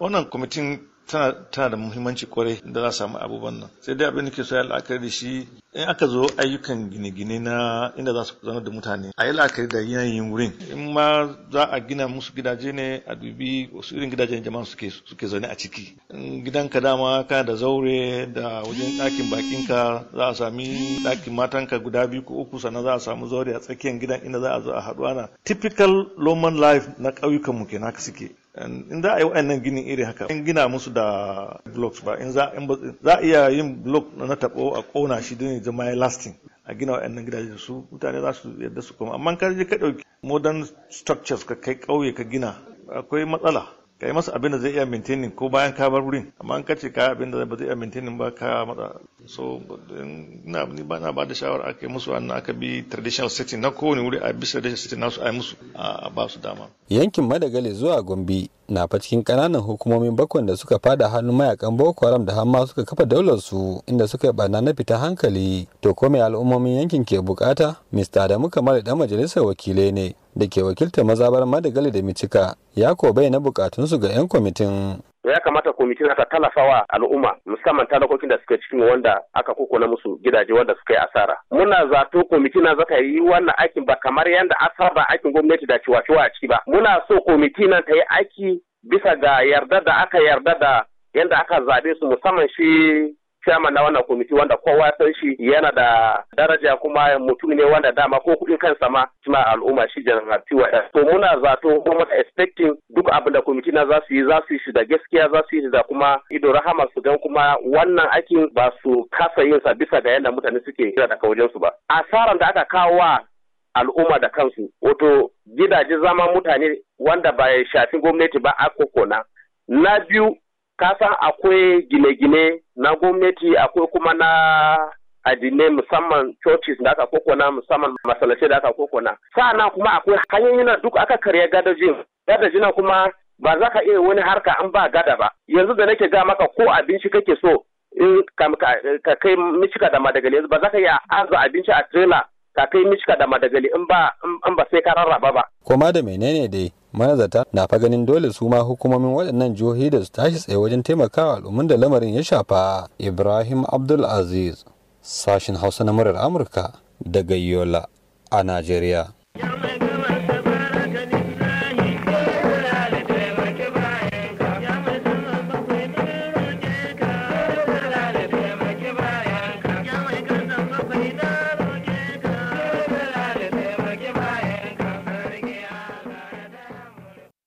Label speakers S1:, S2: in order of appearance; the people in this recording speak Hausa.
S1: wannan kwamitin tana da muhimmanci kwarai da za samu abubuwan nan sai dai abin da ke soya ya la'akari da shi in aka zo ayyukan gine-gine na inda za su zama da mutane a yi la'akari da yanayin wurin in ma za a gina musu gidaje ne a dubi wasu irin gidajen jama'a suke suke zaune a ciki in gidanka dama kana da zaure da wajen ɗakin bakinka za a sami ɗakin matanka guda biyu ko uku sannan za a samu zaure a tsakiyar gidan inda za a zo a haɗu ana typical loman life na ƙauyukan mu kenan haka suke in za a yi wa'annan ginin iri haka in gina musu da blocks ba in za a iya yin block na tabo a kona shi don ya zama ya lasting a gina wa'annan gidaje su mutane za su yadda su kuma. amma ka je ka ɗauki modern structures ka kai kauye ka gina akwai matsala ka yi masa abin da zai iya maintaining ko bayan ka bar wurin amma an kace ka abin da ba zai iya maintaining ba ka mata so na ni ba na ba da shawara aka yi musu annan aka bi traditional setting na kowane wuri a bi traditional setting nasu a musu a ba su dama
S2: yankin madagali zuwa gombe na fa cikin kananan hukumomin bakon da suka fada hannun mayakan boko haram da har ma suka kafa daular su inda suka yi bana na fita hankali to ko al'ummomin yankin ke bukata mr adamu kamar dan majalisar wakilai ne da ke wakiltar mazabar madagali da micika ya ko na bukatunsu ga 'yan kwamitin
S3: ya kamata kwamitin ta talafawa al'umma musamman talakokin da suke cikin wanda aka kokona musu gidaje wanda suka yi asara muna zato kwamitin na zata yi wannan aikin ba kamar yadda ba aikin gwamnati da ciwa-ciwa a ciki ba muna so kwamitin na ta yi aiki bisa ga yarda da aka yarda da yadda aka zabe su musamman shi chairman na wannan komiti wanda kowa ya san shi yana da daraja kuma mutum ne wanda dama ko kuɗin kansa ma suna al'umma shi general PYS. To muna zato ko muna expecting duk abin da komiti na za su yi za su yi shi da gaskiya za su yi da kuma ido rahama su gan kuma wannan aikin ba su kasa yin sa bisa ga yadda mutane suke kira daga wajen su ba. Asaran da aka kawo wa al'umma da kansu wato gidaje zama mutane wanda ba shafi gwamnati ba a kokona. Na biyu kasan akwai gine-gine na gwamnati akwai kuma na addinai musamman churches da aka kokona musamman masallace da aka kokona na kuma akwai hanyoyi na duk aka karya gadajin gadajin kuma ba za ka iya wani harka an ba gada ba yanzu da nake ga maka ko abinci kake so in ka kai michika da madagali yanzu ba za ka iya arzu abinci a trailer ka kai michika da madagali in ba sai ka rarraba
S2: ba koma da menene dai Manazata na fa ganin dole su ma hukumomin waɗannan jihohi da su tashi tsaye wajen taimakawa al'ummar da lamarin ya shafa ibrahim abdul aziz sashin hausa na murar amurka daga yola a najeriya